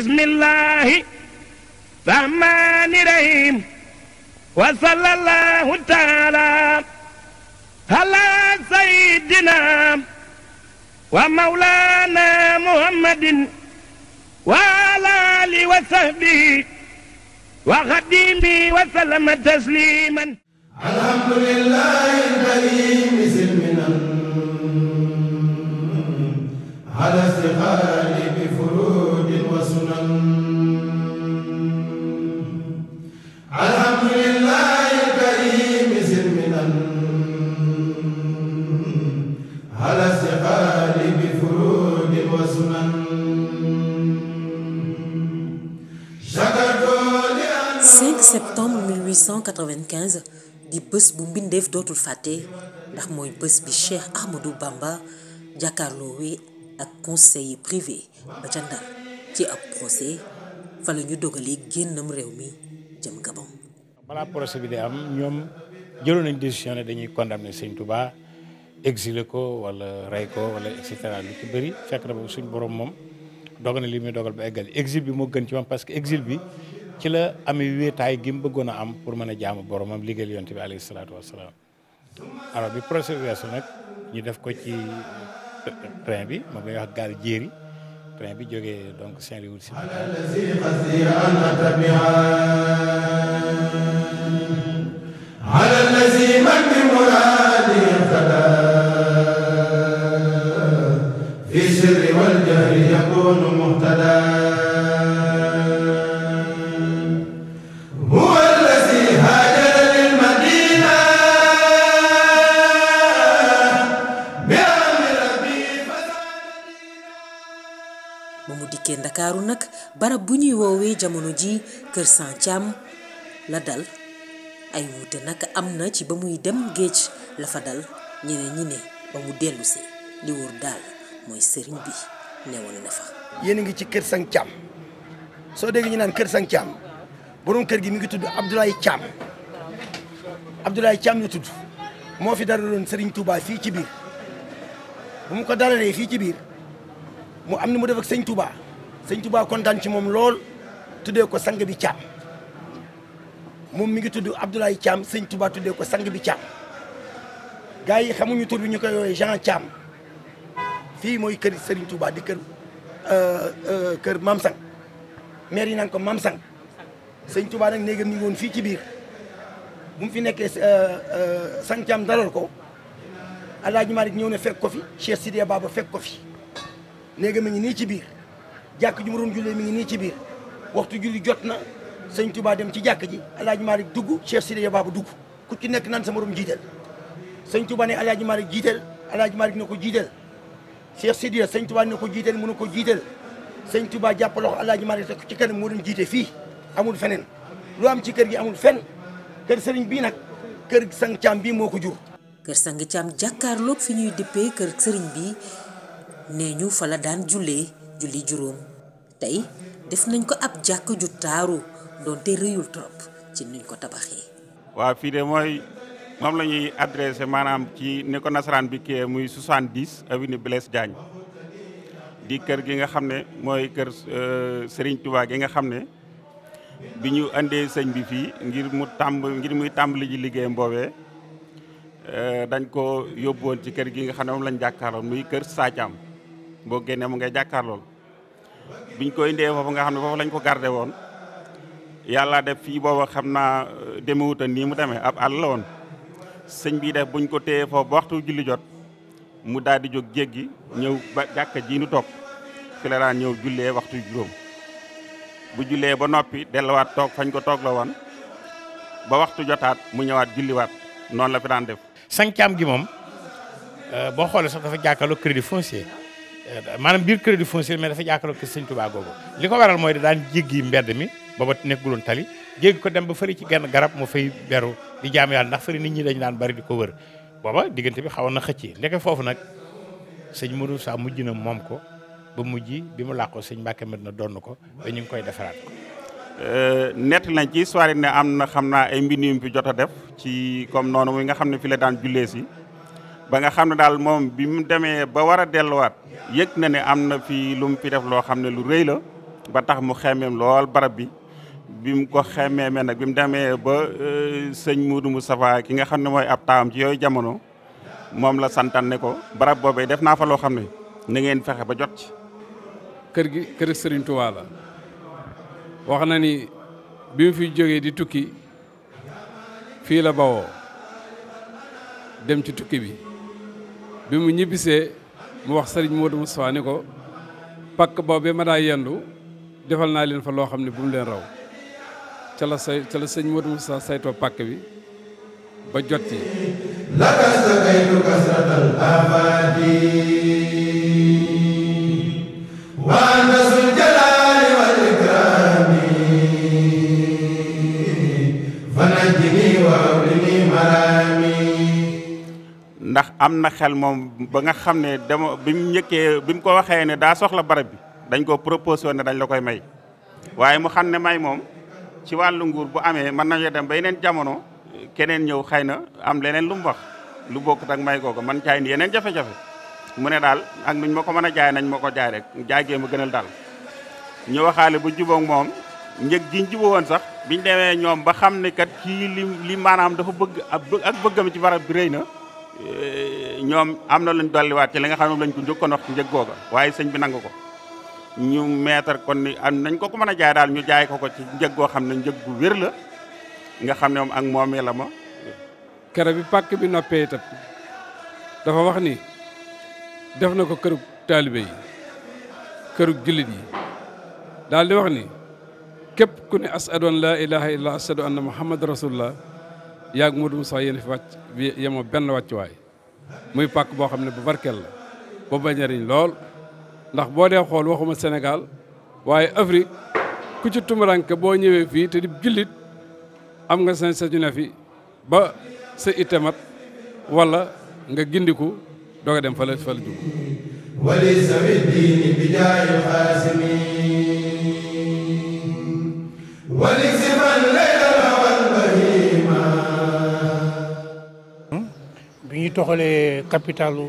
bismillaahi rahmaani rahiim wa sallallaahu taala ala sayyidina wa mawlaana muhammadin wa ala aalihi wa sahbihi wa xadiimihi wa sallama tasliiman alhamdulillaahi l-kariim septembre 1895 di bés bu mbindeef dootul fàtte ndax mooy bés bi Cheikh Ahmadou Bamba jàkkaarloo wi ak conseil privé ba ca Ndar ci ab procès fa ñu dogalee génnam réew mi jëm Gabon. balaa procès bi di am ñoom jëloon nañ décision ne dañuy condamner Sëñ tuba exilé ko wala rey ko wala et cetera lu ci bëri fekk na boobu suñ borom moom dogal na li muy dogal ba eggal exil bi moo gën ci moom parce que exil bi. ci la amee wéetaay gi mu bëggoon a am pour mën a jaamu boromam liggéeyal yonte bi alayhi salaatu wasalaam alors bi procès weesu nag ñu def ko ci train bi moom la ñuy wax gaal jéeri train bi jógee donc Saint-Louis wul si fi sirri wal jahri yakunu muhtada ndakaaru nag barab bu ñuy woowee jamono ji kër Santhiam la dal ay wuute nag am na ci ba muy dem géej la fa dal ñeneen ñi ne ba mu dellusee li wóor daal mooy sëriñ bi newoon na fa yéen a ngi ci kër Santhiam soo dégg ñu naan kër Santhiam borom kër gi mu ngi tudd Abdoulaye Thiam Abdoulaye Thiam la tudd moo fi daraloon Serigne Touba fii ci biir bu mu ko dalalee fii ci biir mu am na mu def ak Serigne Touba sëñ Tuubaa kontaan ci moom lool tuddee ko sang bi caam moom mi ngi tudd Abdoulaye Thiam sëñ Tuubaa tuddee ko sang bi Thiam gars yi xamuñu tur bi ñu koy woowee Jean Thiam fii mooy kër Serigne Touba di kër euh, euh, kër Mam Sang maire yi naan ko Mam Sang sëñ Touba nag néegam ñu ngi woon fii ci biir mu fi nekkee euh, sang Thiam dalal ko Alaaji Malik ñëw ne fekk ko fi Cheikh Sidiya Baba fekk ko fi néegam mi ngi ci biir jàkk ju mu doon jullee mi ngi nii ci biir waxtu julli jot na sëñ Touba dem ci jàkk ji alaaji Malick dugg Cheikh Sidiya Baba dugg ku ci nekk naan sa morom jiital sëñ Touba ne alaaji Malick jiital alaaji Malick ne ko jiital Cheikh Sidiya sëñ Touba ne ko jiital mu ne ko jiital sëñ tubaa jàpp loxo alaaji Malick te ci kanam moo jiite fii amul feneen lu am ci kër gi amul fen kër sëriñ bii nag kër sang caam bii moo ko jur kër sang caam jàkkaarloog fi ñuy dippee kër sëriñ bi nee ñu fa la daan jullee julli juróom tey def nañ ko ab jàkk ju taaru doonte rëyul trop ci nuñ ko tabaxee. waaw fii de mooy moom lañuy ñuy maanaam ci ni ko nasaraan bi kii muy 70 avenue Blaise Diagne di kër gi nga xam ne mooy kër euh, sëriñ tubaa gi nga xam ne bi ñu indee sëñ bi fii ngir mu tàmb ngir muy tàmbali ji liggéey boobee euh, dañ ko yóbbuwoon ci kër gi nga xam ne moom lañ jàkkaarloon muy kër Sathiam boo génnee mu ngay jàkkaarlool. biñ koy indee foofu nga xam ne foofu lañ ko garde woon yàlla def fii booba xam naa euh, demewuta nii mu demee ab àll la woon sëñ bii def buñ ko téyee foofu ba waxtu julli jot mu daal di jóg jéggi ñëw ba jàkka ji nu toog fi la daan ñëw jullee waxtu juróom bu jullee ba noppi delluwaat toog fañ ko toog la woon ba waxtu jotaat mu ñëwaat julliwaat noonu la fi daan def. sàncaam gi moom euh, boo xoolee sax dafa jàkkaarloo crédit foncier. maanaam biir crédit foncier mais dafa jàkkaarloo ak sëñ Tuubaa googu li ko waral mooy daan jéggi mbedd mi booba nekkuloon tali jéggi ko dem ba fëri ci genn garab mu fay beru di jaam yàlla ndax fëri nit ñi dañ daan bari di ko wër booba diggante bi xawoon na xëcc ndeke foofu nag sëñ Modou Sa mujj na moom ko ba mujj bi mu làqoo sëñ Mbàkke mat na doon ko ba ñu ngi koy defaraat ko euh, nett nañ ci soirée ne am na xam naa ay mbind yu mu fi jot a def ci comme noonu muy nga xam la daan ba nga xam ne daal moom bi mu demee ba war a delluwaat yëg na ne am na fii lu mu fi def loo xam ne lu rëy la ba tax mu xemmeem lool barab bi bi mu ko xemmeemee nag bi mu demee ba euh, sëñ Moudou Moustapha ki nga xam ne mooy ab taawam ci yooyu jamono moom la santan ko barab boobee def naa fa loo xam ne na fexe ba jot ci. kër gi kër Serigne la wax na ni bi mu fi jógee di tukki fii la bawoo dem ci tukki bi. bi mu ñibbisee mu wax sëriñ Modou Moustapha ni ko pakk boobee ma daa yendu defal naa leen fa loo xam ne bu mu leen raw ca la say ca la sëñ Modou Moustapha saytoo pakk bi ba jot ci. ndax am na xel moom ba nga xam ne dama bi mu njëkkee bi mu ko waxee ne daa soxla barab bi dañ koo proposé woon ne dañ la koy may waaye mu xam ne may moom ci wàllu nguur bu amee mën nañoo dem ba yeneen jamono keneen ñëw xëy na am leneen lu mu wax lu bokkut ak may googu man jaay ni yeneen jafe-jafe mu ne daal ak nuñ ma ko mën a jaay nañ ma ko jaay rek jaagee ma gënal daal ñu waxaale bu jubóog moom njëg giñ jubó woon sax biñ demee ñoom ba xam ne kat kii li li maanaam dafa bëgg ak bëggam ci barab bi rëy na Eh, ñoom am na luñ dolliwaat ci li nga xam ne moom lañ ko njëkkoon wax ci njëg googa waaye sëñ bi nangu ko ñu meetar kon ni am nañ ko ko mën a jaay daal ñu jaay ko ko ci njëg goo xam ne njëg bu wér la nga xam ne moom ak moomee la ma. kere bi pàkk bi noppee itam dafa wax ni def na ko kërug taalibe yi kërug jullit yi daal di wax ni képp ku ne asadoon laa ilaha illa asadu anna muhammad rasulullah yaag Modou Moussa yéen fi wàcc bi yemoo benn wàccuwaay muy pàkk boo xam ne bu barkeel la ba ba njariñ lool ndax boo dee xool waxuma Sénégal waaye Afrique ku ci tumuranke boo ñëwee fii te di jullit am nga sañ sañu ne fi ba sa itemat wala nga gindiku doog a dem fa la fa la jug wali sawi diini bi jaayu ñu toxalee capitalu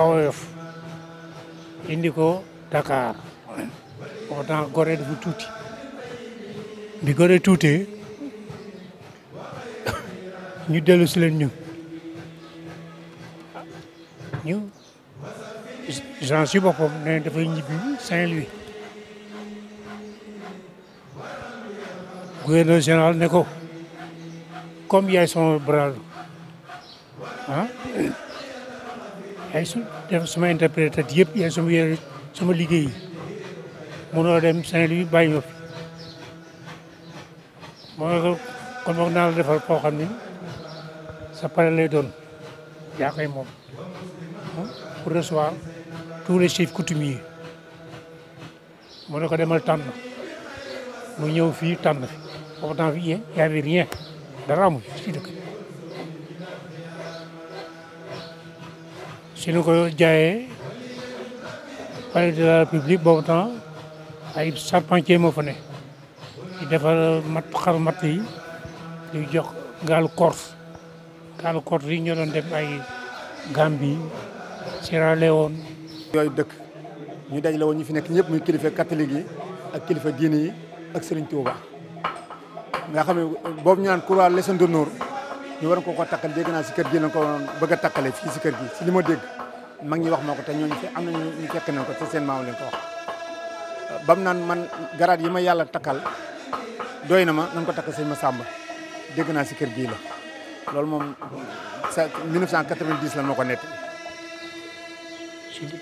AOF indi ko Dakar pourtant Gorée dafa tuuti di Gorée tuute ñu dellu si ñu ñu gen si boppam ne dafay ñibbi Saint-Louis gouverneur général ne ko comme yaay son bras ah yaay su def sama interprète yëpp yaay sama yore sama liggéey mënoo dem Saint-Louis bàyyi ma fi moo ko kon moom naa la defal koo xam ni sa pare lay doon yaa koy moom ah? pour recevoir tous les chefs coutumiers mu ne ko demal tànn mu ñëw fii tànn fi pourtant fii y avait rien dara amul ci dëkk suñu ko jaayee palais de la république boobu temps ay charpentier moo fa ne di defar mat xar matt yi di jox gaalu Corse gaalu Corse yi ñoo doon def ay Gambie Sierra Leone yooyu dëkk ñu dajale woon ñu fi nekk ñëpp muy kilifa katolik yi ak kilifa diine yi ak Serigne Touba nga xam ne boobu ñu naan croix Légion d'honneur ñu war ko ko takkal dégg naa si kër gi lañ ko bëgg a takkale fii kër gi si li ma dégg mag ñi wax ma ko te ñooñu fi am na ñu fekk ko te seen maam lañ ko wax naan man garaat yi ma yàlla takkal doy na ma nañ ko takk sëñ ma sàmba dégg naa si kër gi la loolu moom sa 1990 la ma ko nett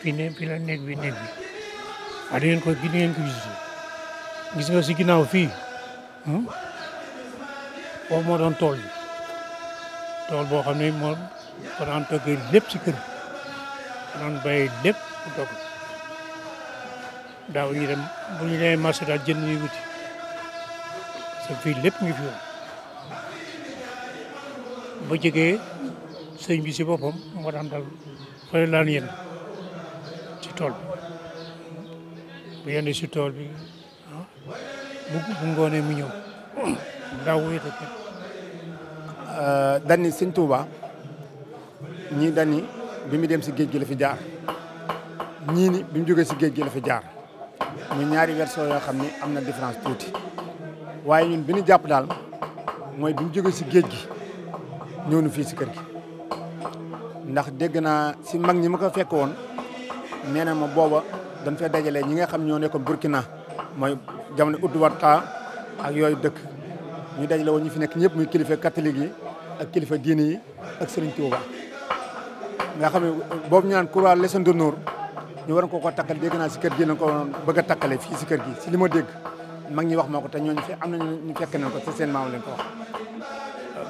fii ne fii la nekk bi nekk bi waaw da ngeen ko da ngeen ko gis gis nga si ginnaaw fii hmm? foofu moo doon tool bi tool boo xam ne moom da daan toggee lépp ci kër da daan bàyyi lépp mu daaw ñu dem bu ñu jënd ñuy wuti sa fii lépp ngi fi woon ba sëñ bi ci boppam moo daan dal fële laan yenn ci tool bi bu yenn ci tool bi ah, bu ngoonee mu ñëw daaw wéete kenn Euh, danni sëñ Touba ñii danni bi mu dem si géej gi la fi jaar ñii ni bi mu jógee si géej gi la fi jaar ñu ñaari version yoo xam ni am na différence tuuti waaye ñun bi ñu jàpp daal mooy bi mu jógee si géej gi ñëw nu fii si kër gi ndax dégg naa si mag ñi ma ko fekk woon nee na ma booba dañ fee dajalee ñi nga xam ñoo ne ko Burkina mooy jamono Ouad Watta ak yooyu dëkk ñu dajale woon ñu fi nekk ñëpp muy kilifa catholique yi ak kilifa diine yi ak Serigne Touba nga xam ne boobu ñu naan croix légion d'honneur ñu waroon ko koo takkal dégg naa si kër gi lañ ko bëgg a takkale fii si kër gi si li ma dégg mag ñi wax ma ko te ñooñu am na ñu fekk nañ ko te ko wax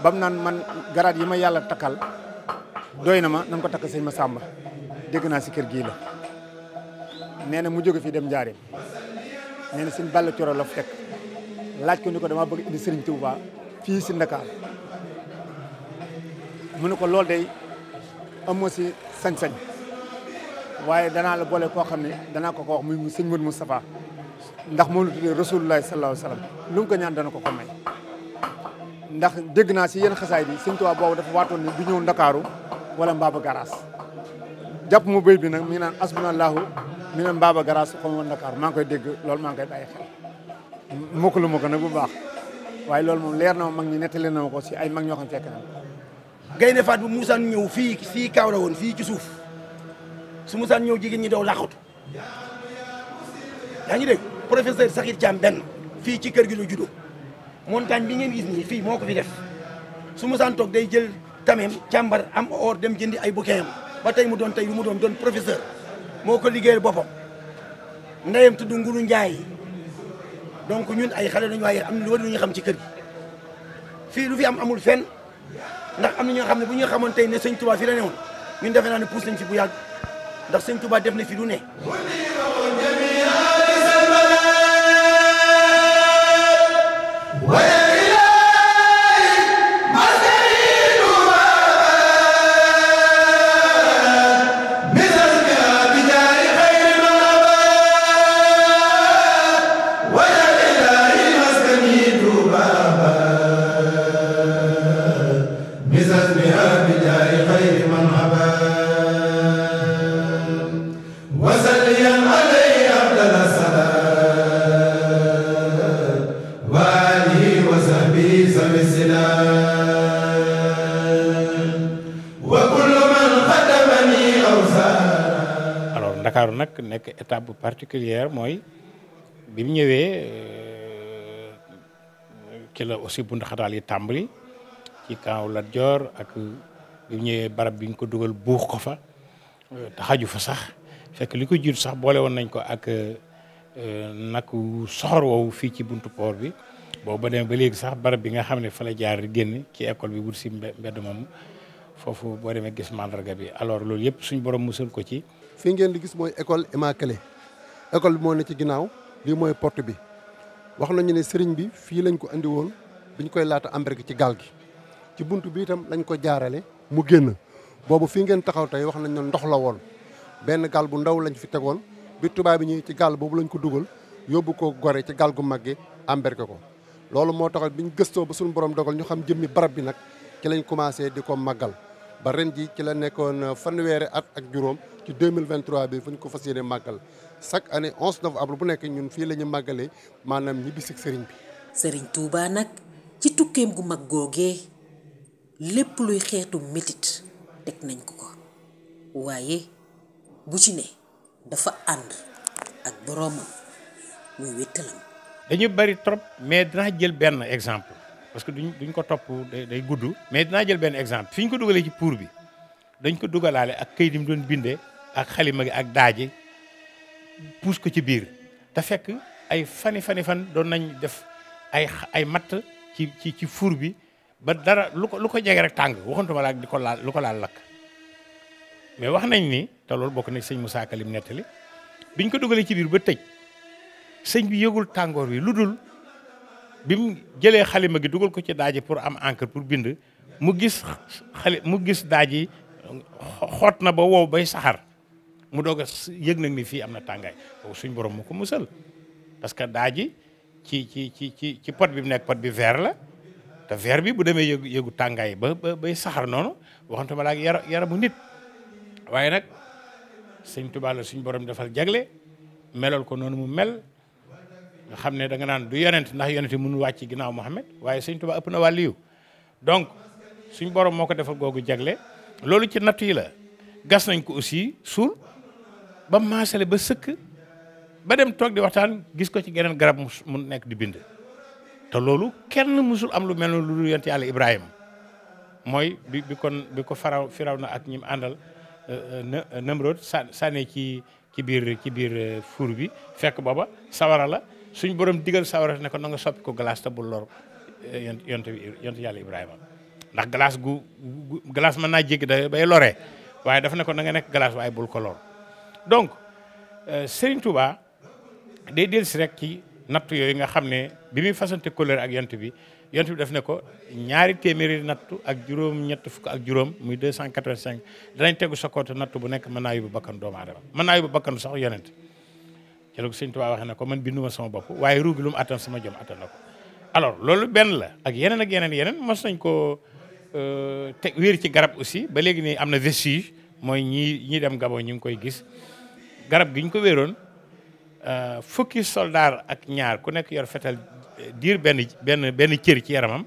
bam naan man garaat yi ma yàlla takkal doy na ma nañ ko takk sëñ ma sàmba dégg naa si kër gii la nee na mu jóge fii dem Njaareem nee na sëñ Balla Coro la fekk laaj ko ni ko dama bëgg indi Serigne Touba fii si Ndakaar mu ne ko loolu day amoo si sañ waaye danaa la boole koo xam ne danaa ko ko wax muy sëñ Modou Moustapha ndax moom la tuddee rasulullah sallallahu alayhi wa lu mu ko ñaan dana ko ko may ndax dégg naa si yenn xasaay bi sëñ Tuubaa boobu dafa waatoon ne du ñëw ndakaaru wala mbaaba garaas jàpp mu béy bi nag mi ngi naan asbunallahu mi naan mbaaba garaas xaw ma ndakaaru maa ngi koy dégg loolu maa ngi koy bàyyi xel mokkalu ma ko nag bu baax waaye loolu moom leer na ma mag ñi nettali na ma si ay mag ñoo xam gaynde faat bu musaan ñëw fii fii kaaw la fii ci suuf su musaan ñëw jigéen ñi daw làqatu yaa ngi dégg professeur Sakhir Thiam benn fii ci kër gi la juddoo montagne bi ngeen gis nii fii moo ko fi def su musaan toog day jël tameem càmbar am or dem jëndi ay bouquin ba tey mu doon tey lu mu doon doon professeur moo ko liggéeyal boppam ndeyam tudd Nguru Njaay donc ñun ay xale lañu waaye am na lu war lu ñu xam ci kër gi fii lu fi am amul fenn ndax am na ñoo xam ne bu ñu xamoon tey ne sëñ Touba fi la newoon ñu defe naa ne pousse nañ fi bu yàgg ndax sëñ Touba def na fi lu ne nekk étape bu particulière mooy bi mu ñëwee euh, ci la aussi bu ndaxataal yi tàmbali ci kaw Lat Joor ak bi mu ñëwee barab bi ñu ko dugal buux ko fa euh, te xaju fa sax fekk li ko jiitu sax boole woon nañ ko ak euh, naku soxor woowu fii ci buntu port bi boobu ba demee ba léegi sax barab bi nga xam ne fa la jaar di génn ci école bi wut si mbedd moom foofu boo demee gis mandarga bi alors loolu yëpp suñ borom musul ko ci fii ngeen di gis mooy école Immaculée école bi moo ne ci ginnaaw lii mooy porte bi wax nañu ne sëriñ bi fii lañ ko indi woon bi ñu koy laata embarqué ci gaal gi ci bunt bi itam lañ ko jaarale mu génn boobu fii ngeen taxaw tey wax nañ ne ndox la woon benn gaal bu ndaw lañ fi tegoon bi tubaab yi ñuy ci gaal boobu lañ ko dugal yóbbu ko gore ci gaal gu màgge embarqué ko loolu moo taxal bi ñu gëstoo ba suñu borom dogal ñu xam jëmmi barab bi nag ci lañ commencé di ko màggal ba ren ji ci la nekkoon fanweeri at ak juróom ci 2023 bi fu ñu ko fas yéene màggal chaque année 11 novembre bu nekk ñun fii la ñu màggalee maanaam ñibbisig sëriñ bi. sëriñ Touba nag ci tukkeem gu mag googee lépp luy xeetu métit teg nañ ko ko waaye bu ci ne dafa ànd ak boroomam muy wéttalam. dañu bari trop mais dinaa jël benn exemple. parce que duñ duñ ko topp day gudd mais dinaa jël benn exemple fi ko dugalee ci pour bi dañ ko dugalaale ak këyit yi mu doon bindee ak xalima gi ak daaji puus ko ci biir te fekk ay fani fani fan doon nañ def ay ay matt ci ci ci four bi ba dara lu ko lu ko jege rek tàng waxantuma la ak di ko laal lu ko laal lakk mais wax nañ ni te loolu bokk na sëñ Moussa Ka lim nettali biñ ko dugalee ci biir ba tëj sëñ bi yëgul tàngoor wi lu dul bi mu jëlee xalima gi dugal ko ci daaji pour am encre pour bind mu gis mu gis daaji xoot na ba wow bay saxar mu doog a yëg nag ni fii am na tàngaay boobu suñ borom mu ko musal parce que daaji ci ci ci ci ci pot bi mu nekk pot bi verre la te veer bi bu demee yëgu yëgu tàngaay ba ba bay saxar noonu waxantuma la ak yara yaramu nit waaye nag sëñ Tuubaa la suñ borom defal jagle melool ko noonu mu mel nga xam ne da nga naan du yonent ndax yonent yi mënul wàcc ginnaaw Muhammad waaye sëñ Tuubaa ëpp na wàlliyu donc suñ borom moo ko defal googu jagle loolu ci nattu yi la gas nañ ko aussi suul ba maasale ba sëkk ba dem toog di waxtaan gis ko ci geneen garab mu nekk di bind te loolu kenn musul am lu mel ne lu dul yonent yàlla Ibrahima mooy bi bi kon bi ko faraw firaw na ak ñi mu àndal euh, euh, Namrod sànni ci ci biir ci biir euh, fuur bi fekk booba sawara la suñ borom diggal sawara ne ko na nga soppi ko glace te bu lor eh, yont yont yont yàlla Ibrahima ndax glace gu glace mën naa jéggi da bay loree waaye dafa ne ko na nga nekk glace waaye bul ko lor donc euh, Serigne Touba day dellu si rek ci natt yooyu nga xam ne bi muy fasante couleur ak yant bi yont bi daf ne ko ñaari téeméeri nattu ak juróom ñett fukk ak juróom muy 285 danañ tegu sa koote natt bu nekk mën naa yóbbu bakkan doomu aadama mën naa yóbbu bakkan sax yonent ci la ko sëñ na ko man binduma sama bopp waaye ruugi lu mu attan sama jom attan na ko alors loolu benn la ak yeneen ak yeneen yeneen mos nañ koo euh, teg wéer ci garab aussi ba léegi nii am na vestige mooy ñii ñii dem Gabon ñu ngi koy gis garab gi ñu ko wéeroon euh, fukki soldaar ak ñaar ku nekk yor fetal euh, diir benn benn benn cër ci yaramam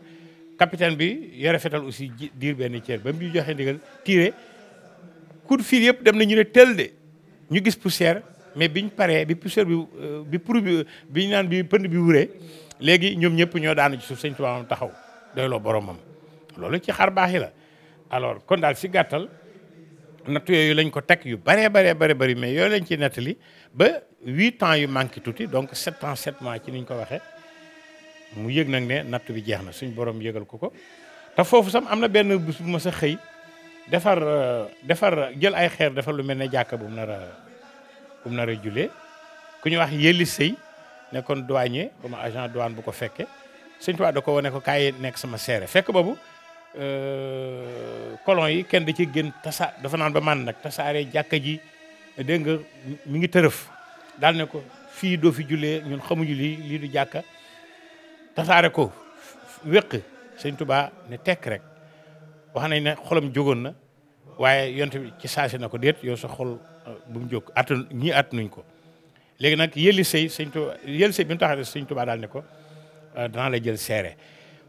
capitaine bi yore fetal aussi diir benn cër ba mu joxe ndigal tiré coup de fil yëpp dem na ñu ne tel de ñu gis poussière mais biñ paree bi poussière bi euh, bi biñ naan bi pënd bi wuree léegi ñoom ñëpp ñoo daanu ci suuf sëñ Tuubaa taxaw doyloo boromam loolu ci xar baax la alors kon daal si gàttal natt yooyu lañ ko teg yu bëree bëree bari bëri mais yooyu lañ ci nettali ba huit ans yu manqué tuuti donc sept ans sept mois ci niñ ko waxee mu yëg nag ne nattu bi jeex na suñ borom yëgal ko ko te foofu sam am na benn bés bu ma sa xëy defar euh, defar jël ay xeer defar lu mel ne jàkka bu na bu mu nar a julee ku ñu wax yëlli sëy nekkoon douanier comme agent douane bu ko fekke sëñ Tuubaa da ko wane ko kaay nekk sama seere fekk boobu euh, colon yi kenn da ci génn tasa dafa naan ba man nag tasaare jàkka ji dégg nga mi ngi tërëf daal ne ko fii doo fi julee ñun xamuñu lii lii du jàkka tasaare ko wéq sëñ Tuubaa ne tekk rek wax nañ ne xolom jógoon na waaye yonte bi ci saasi na ko déet yow sa xol bu mu jóg attan ñii attanuñ ko léegi nag yëlli sëy sëñ Tuba yëlli sëy bi mu taxawee sëñ Tuba daal ne ko euh, danaa la jël seere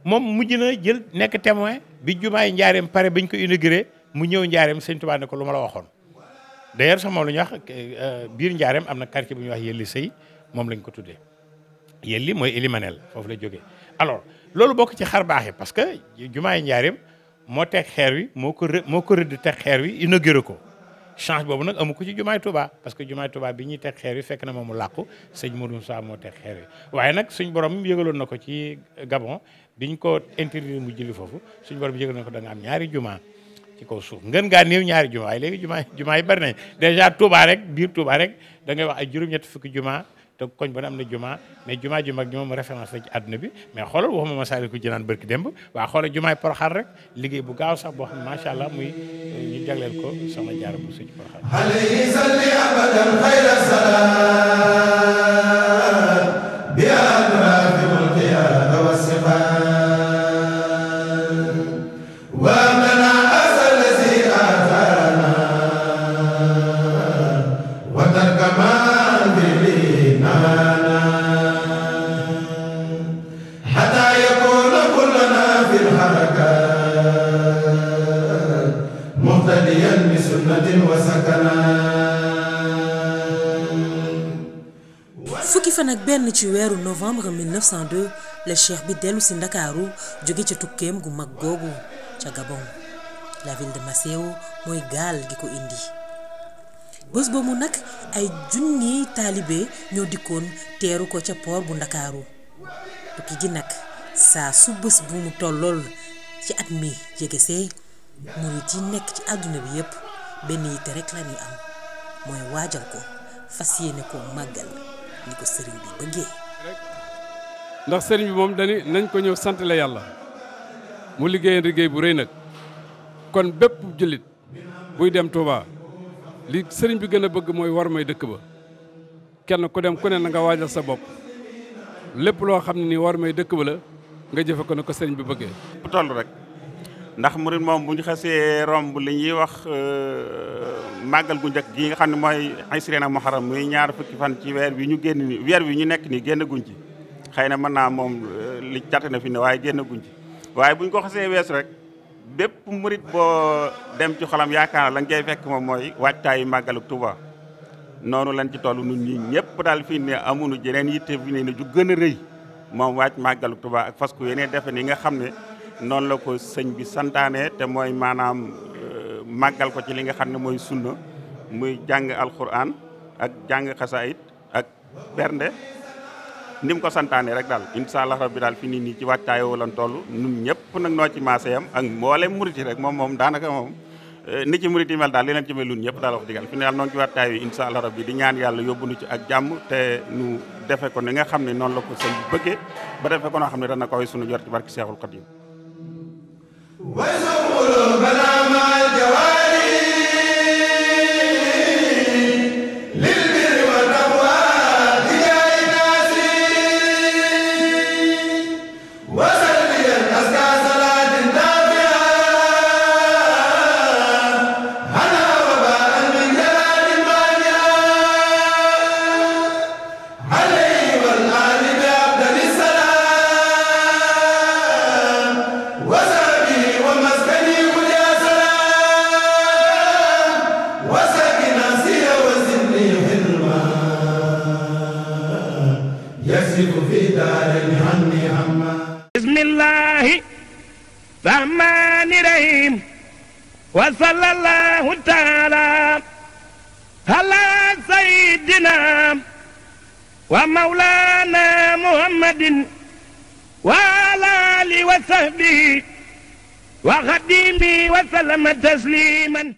moom mujj na jël nekk témoin bi jumaay njaareem pare bañ ko inauguré mu ñëw njaareem sëñ Tuba ne ko lu ma la waxoon d'ailleurs sax moom la ñuy euh, biir njaareem am na quartier bu ñuy wax yëlli sëy moom lañ ko tuddee yëlli mooy Elimanel foofu la jógee alors loolu bokk ci xar baax yi parce que jumaay njaareem moo teg xeer wi moo ko moo ko rëdd teg xeer wi inauguré ko change boobu nag amu ko ci jumaay Touba parce que jumaay Touba bi ñuy teg xeer yi fekk na moomu làqu sëñ Modou Moussa moo teg xeer yi waaye nag suñ borom yëgaloon na ko ci Gabon biñ ko interdire mu julli foofu suñ borom yëgaloon na ko da nga am ñaari juma ci kaw suuf ngën ngaa new ñaari juma waaye léegi juma yi bari nañ dèjà Touba rek biir Touba rek da ngay wax ay juróom-ñetti fukki jumaa te koñ ba ne am na juma mais juma ju mag ji moom référence la ci àdduna bi mais xoolal waxuma Masaalikul Jinaan barki démb waa xoolal jumaay Poroxaan rek liggéey bu gaaw sax boo xam ne allah muy ñu jagleel ko sama jaar bu suñu Poroxaan. 1902 la bi dellu si ndakaaru jóge ca tukkeem gu mag googu ca Gabon la ville de Maceo mooy gaal gi ko indi bés boobu nag ay junniy taalibe ñoo dikkoon teeru ko ca port bu ndakaaru tukki gi nag saa su bés bu mu tollool ci at mi jegesee murit yi nekk ci àdduna bi yépp benn yitte rekk la ñuy am mooy waajal ko fas yéene ko màggal ni ko sëriñ bi bëggee ndax sëriñ bi moom dani nañ ko ñëw sant la yàlla mu liggéeyeen liggéey bu rëy nag kon bépp jullit buy dem Touba li sëriñ bi gën a bëgg mooy war may dëkk ba kenn ku dem ku ne na nga waajal sa bopp lépp loo xam ni nii war may dëkk ba la nga jëfe ko ne ko sëriñ bi bëggee bu toll rek ndax murid moom bu ñu xasee romb li ñuy wax euh, màggal gu njëkk gi nga xam ne mooy Aïsriina Muharram muy ñaar fukki fan ci weer bi ñu génn ni weer bi ñu nekk nii génn ci xëy na mën naa moom euh, li cate na waaye génn guñ ci waaye buñ ko xasee weesu rek bépp murit boo dem ci xolam yaakaar la ngay fekk moom mooy waajtaayu màggalu Tuuba noonu lañ ci toll nun ñi ñëpp daal fii ne amuñu jeneen yitte fi ne ju gën a rëy moom waaj màggalu Tuuba ak fas ku yeneen defe ni nga xam ne noonu la ko sëñ bi santaane te mooy maanaam euh, màggal ko ci li nga xam ne mooy sunna muy jàng alquran ak jàng xasaayit ak bernde ni mu ko santaanee rek daal incha allah bi daal fi nii nii ci wàccaayoo lan toll ñun ñëpp nag noo ci maase yam ak mboolem murit moom moom daanaka moom eh, ni ci murit yi mel daal li leen ci mel ñun ñëpp daal wax digal fi ne daal noonu ci wàccaay yi incha allah rabbi di ñaan yàlla yóbbu nu ci ak jàmm te nu defe ko ni nga xam ne noonu la ko sëñ bi ba defe ko noo xam ne dana koy sunu jor ci barki Seexul Xadiim وسلم تسليما